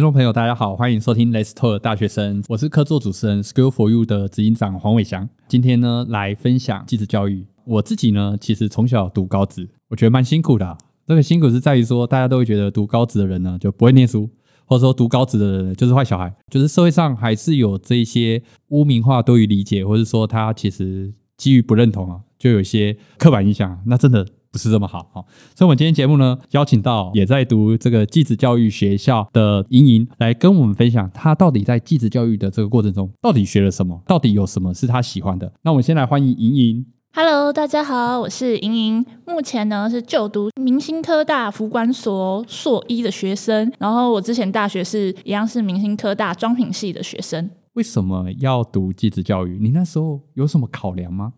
觀眾朋友，大家好，歡迎收聽 Let's Talk 大學生，我是客座主持人 Skills for U 的執行長黃偉翔，今天呢來分享技職教育。我自己呢其實從小讀高職，我覺得蠻辛苦的、啊。這、那個辛苦是在於說，大家都會覺得讀高職的人呢就不會念書，或者說讀高職的人就是壞小孩，就是社會上還是有這一些污名化、多於理解，或者說他其實基於不認同啊，就有一些刻板印象。那真的。不是這麼好好，所以我們今天節目呢，邀請到也在讀這個技職教育學校的瀠瀠來跟我們分享，她到底在技職教育的這個過程中到底學了什麼，到底有什麼是她喜歡的。那我們先來歡迎瀠瀠。Hello，大家好，我是瀠瀠，目前呢是就讀明新科大服管所碩一的學生，然後我之前大學是一樣是明新科大妝品系的學生。為什麼要讀技職教育？你那時候有什麼考量嗎？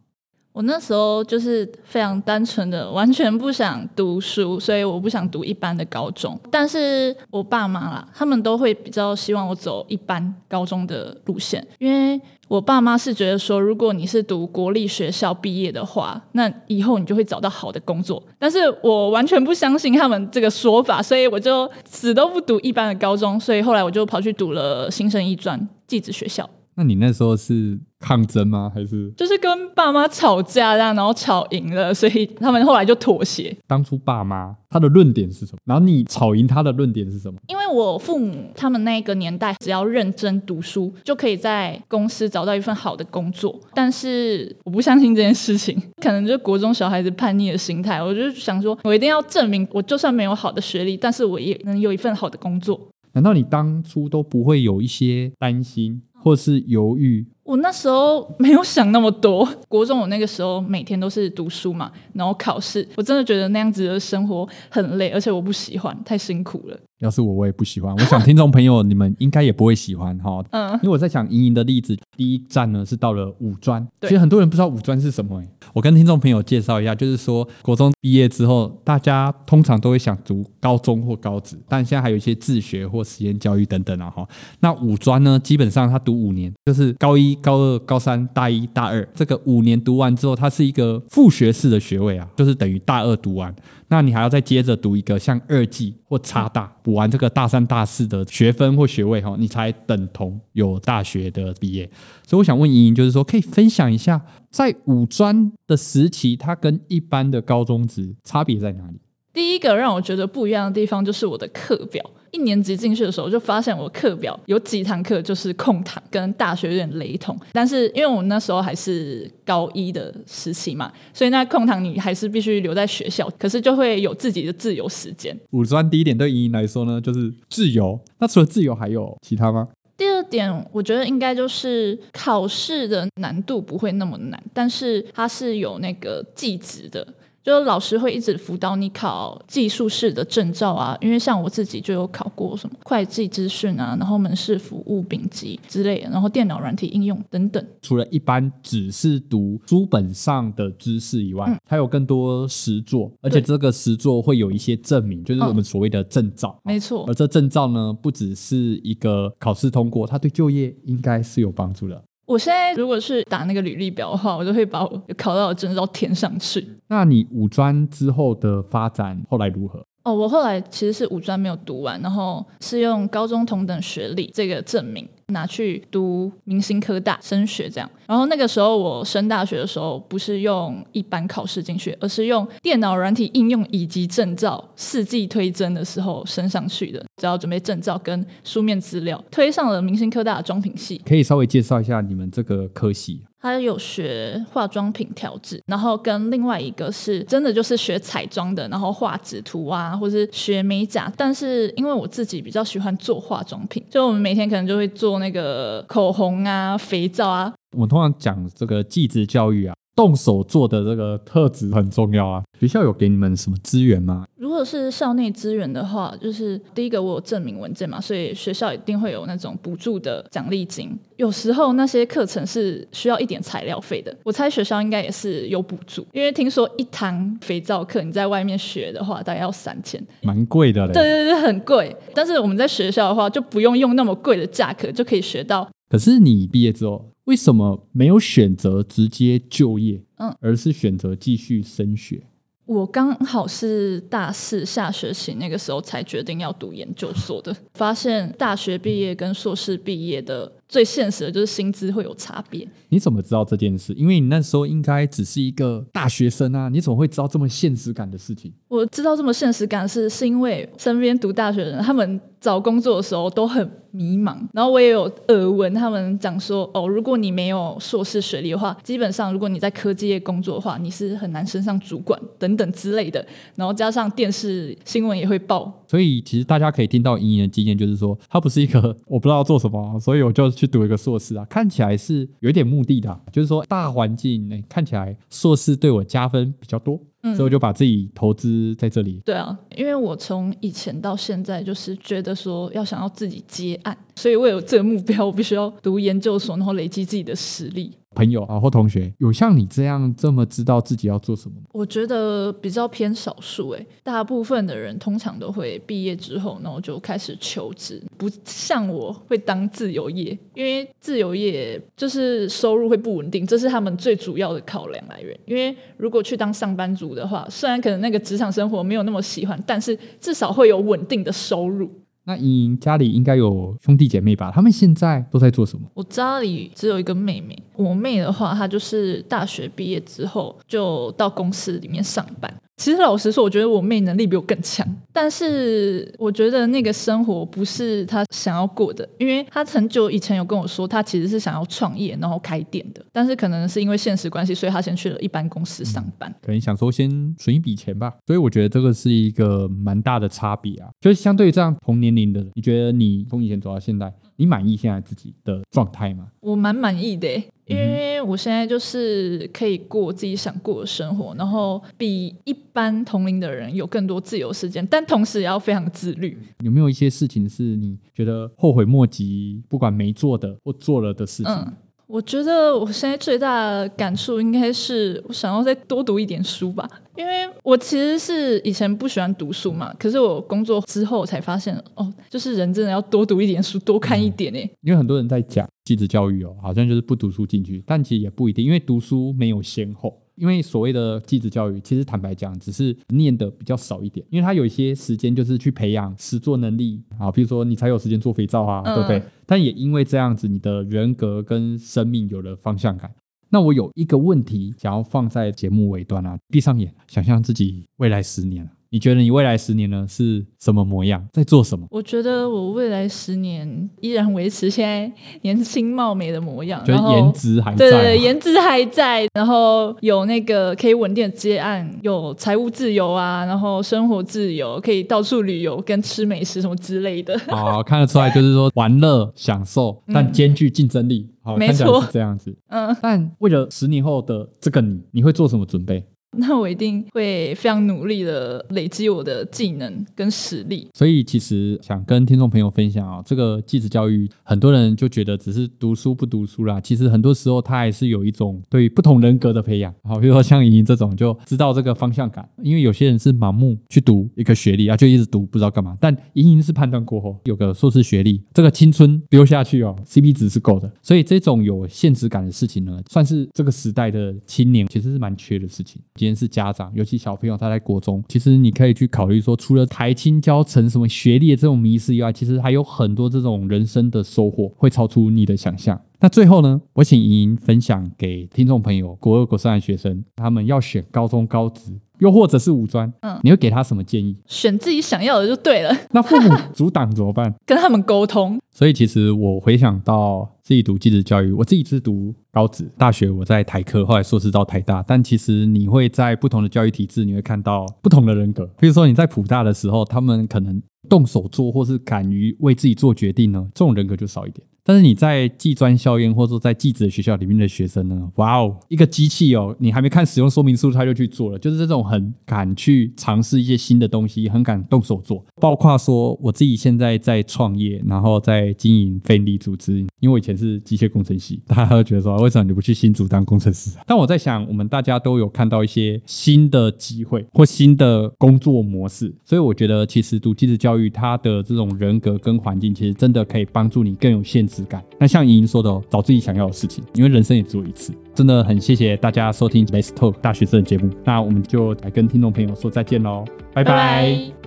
我那時候就是非常單純的，完全不想讀書，所以我不想讀一般的高中。但是我爸媽啦，他們都會比較希望我走一般高中的路線，因為我爸媽是覺得說，如果你是讀國立學校畢業的話，那以後你就會找到好的工作。但是我完全不相信他們這個說法，所以我就死都不讀一般的高中。所以後來我就跑去讀了新生醫專，技職學校。那你那時候是？抗爭嗎？還是就是跟爸媽吵架了，這樣然後吵贏了，所以他們後來就妥協。當初爸媽他的論點是什麼？然後你吵贏他的論點是什麼？因為我父母他們那個年代，只要認真讀書就可以在公司找到一份好的工作，但是我不相信這件事情。可能就國中小孩子叛逆的心態，我就想說，我一定要證明，我就算沒有好的學歷，但是我也能有一份好的工作。難道你當初都不會有一些擔心或是猶豫？我那時候沒有想那麼多，國中我那個時候每天都是讀書嘛，然後考試，我真的覺得那樣子的生活很累，而且我不喜歡，太辛苦了。要是我，我也不喜歡。我想聽眾朋友， 你們應該也不會喜歡哈。哦嗯、因為我在想瀠瀠的例子，第一站呢是到了五專。對其實很多人不知道五專是什麼。我跟聽眾朋友介紹一下，就是說國中畢業之後，大家通常都會想讀高中或高職，但現在還有一些自學或實驗教育等等啊哈、哦。那五專呢，基本上他讀五年，就是高一、高二、高三、大一、大二，這個五年讀完之後，它是一個副學士的學位啊，就是等於大二讀完。那你還要再接着讀一個像二技或插大，補完這個大三、大四的學分或學位，哈，你才等同有大學的畢業。所以我想問瀠瀠，就是說，可以分享一下在五專的時期，它跟一般的高中職差別在哪裡？第一個讓我覺得不一樣的地方就是我的課表。一年級進去的時候就發現我課表有幾堂課就是空堂，跟大學有點雷同。但是因為我那時候還是高一的時期嘛，所以那空堂你還是必須留在學校，可是就會有自己的自由時間。五專第一點對瀠瀠來說呢，就是自由。那除了自由還有其他嗎？第二點，我覺得應該就是考試的難度不會那麼難，但是它是有那個績值的。就是老師會一直輔導你考技術士的證照啊，因為像我自己就有考過什麼會計資訊啊，然後門市服務丙級之類的，然後電腦軟體應用等等。除了一般只是讀書本上的知識以外，還、嗯、有更多實作，而且這個實作會有一些證明，就是我們所謂的證照。嗯、沒錯，而這證照呢，不只是一個考試通過，它對就業應該是有幫助的。我現在如果是打那個履歷表的話，我就會把我考到我的證照填上去。那你五專之後的發展後來如何？哦，我後來其實是五專沒有讀完，然後是用高中同等學歷這個證明。拿去讀明新科大升學，這樣。然後那個時候我升大學的時候，不是用一般考試進去，而是用電腦軟體應用以及證照四技推甄的時候升上去的。只要準備證照跟書面資料，推上了明新科大的妝品系。可以稍微介紹一下你們這個科系？他有學化妝品調製，然後跟另外一個是真的就是學彩妝的，然後畫紙圖啊，或是學美甲。但是因為我自己比較喜歡做化妝品，就我們每天可能就會做。做那個口紅啊，肥皂啊。我們通常講這個技職教育啊。動手做的這個特質很重要啊！學校有給你們什麼資源嗎？如果是校內資源的話，就是第一個我有證明文件嘛，所以學校一定會有那種補助的獎勵金。有時候那些課程是需要一點材料費的，我猜學校應該也是有補助，因為聽說一堂肥皂課你在外面學的話，大概要三千，蠻貴的嘞。對對對，很貴。但是我們在學校的話，就不用用那麼貴的價格就可以學到。可是你畢業之後？為什麼沒有選擇直接就業？嗯，而是選擇繼續升學？我剛好是大四下學期那個時候才決定要讀研究所的。發現大學畢業跟碩士畢業的。最現實的就是薪資會有差別。你怎麼知道這件事？因為你那時候應該只是一個大學生啊，你怎麼會知道這麼現實感的事情？我知道這麼現實感的是，是因為身邊讀大學的人，他們找工作的時候都很迷茫。然後我也有耳聞他們講說，哦，如果你沒有碩士學歷的話，基本上如果你在科技業工作的話，你是很難升上主管等等之類的。然後加上電視新聞也會報，所以其實大家可以聽到瀠瀠的經驗，就是說，他不是一個我不知道做什麼，所以我就。去讀一個碩士啊，看起來是有點目的的，啊，就是說大環境看起來碩士對我加分比較多，嗯、所以我就把自己投資在這裡。對啊，因為我從以前到現在就是覺得說要想要自己接案，所以為了這個目標，我必須要讀研究所，然後累積自己的實力。朋友啊，或同學，有像你這樣這麼知道自己要做什麼嗎？我覺得比較偏少數誒、欸，大部分的人通常都會畢業之後，然後就開始求職，不像我會當自由業，因為自由業就是收入會不穩定，這是他們最主要的考量來源。因為如果去當上班族的話，雖然可能那個職場生活沒有那麼喜歡，但是至少會有穩定的收入。那瀠瀠家裡應該有兄弟姐妹吧？他們現在都在做什麼？我家裡只有一個妹妹。我妹的話，她就是大學畢業之後就到公司裡面上班。其實老實說，我覺得我妹能力比我更強，但是我覺得那個生活不是她想要過的，因為她很久以前有跟我說，她其實是想要創業，然後開店的，但是可能是因為現實關係，所以她先去了一般公司上班，嗯，可能想說先存一筆錢吧。所以我覺得這個是一個蠻大的差別啊，就是相對於這樣同年齡的人，你覺得你從以前走到現在？你滿意現在自己的狀態嗎？我蠻滿意的，嗯哼，因為我現在就是可以過自己想過的生活，然後比一般同齡的人有更多自由時間，但同時也要非常自律。有沒有一些事情是你覺得後悔莫及，不管沒做的或做了的事情？嗯我覺得我現在最大的感觸應該是，我想要再多讀一點書吧。因為我其實是以前不喜歡讀書嘛，可是我工作之後才發現，哦，就是人真的要多讀一點書，多看一點哎、嗯。因為很多人在講技職教育哦，好像就是不讀書進去，但其實也不一定，因為讀書沒有先後。因為所謂的技職教育，其實坦白講，只是唸的比較少一點，因為他有一些時間就是去培養實作能力啊，比如說你才有時間做肥皂啊，嗯、對不對？但也因為這樣子，你的人格跟生命有了方向感。那我有一個問題想要放在節目尾端啊，閉上眼，想象自己未來十年。你覺得你未來十年呢是什麼模樣，在做什麼？我覺得我未來十年依然維持現在年輕貌美的模樣，覺得顏值還在，對，對對，顏值還在，然後有那個可以穩定的接案，有財務自由啊，然後生活自由，可以到處旅遊跟吃美食什麼之類的。哦，看得出來就是說玩樂 享受，但兼具競爭力。好，沒錯，這樣子。嗯，但為了十年後的這個你，你會做什麼準備？那我一定會非常努力的累積我的技能跟實力，所以其實想跟聽眾朋友分享啊、哦，這個技職教育，很多人就覺得只是讀書不讀書啦，其實很多時候他還是有一種對於不同人格的培養，好，比如說像瀠瀠這種就知道這個方向感，因為有些人是盲目去讀一個學歷啊，就一直讀不知道幹嘛，但瀠瀠是判斷過後有個碩士學歷，這個青春丟下去哦，CP 值是夠的，所以這種有現實感的事情呢，算是這個時代的青年其實是蠻缺的事情。先是家長，尤其小朋友，他在國中，其實你可以去考慮說，除了台清交成什麼學歷的這種迷思以外，其實還有很多這種人生的收穫，會超出你的想象。那最後呢，我請瀠瀠分享給聽眾朋友，國二、國三的學生，他們要選高中、高職，又或者是五專，嗯，你會給他什麼建議？選自己想要的就對了。那父母阻擋怎麼辦？跟他們溝通。所以其實我回想到自己讀技職教育，我自己是讀高職，大學我在台科，後來碩士到台大。但其實你會在不同的教育體制，你會看到不同的人格。比如說你在普大的時候，他們可能動手做或是敢於為自己做決定呢，這種人格就少一點。但是你在技專校院，或者說在技職的學校裡面的學生呢？哇哦，一個機器哦、喔，你還沒看使用說明書，他就去做了，就是這種很敢去嘗試一些新的東西，很敢動手做。包括說我自己現在在創業，然後在經營 NPO 組織，因為我以前是機械工程系，大家就覺得說，為什麼你不去新竹當工程師？但我在想，我們大家都有看到一些新的機會或新的工作模式，所以我覺得其實讀技職教育，它的這種人格跟環境，其實真的可以幫助你更有限制。質感。那像瑩瑩說的哦，找自己想要的事情，因為人生也只有一次，真的很謝謝大家收聽 Let's Talk 大學生的節目。那我們就來跟聽眾朋友說再見嘍，拜拜。Bye bye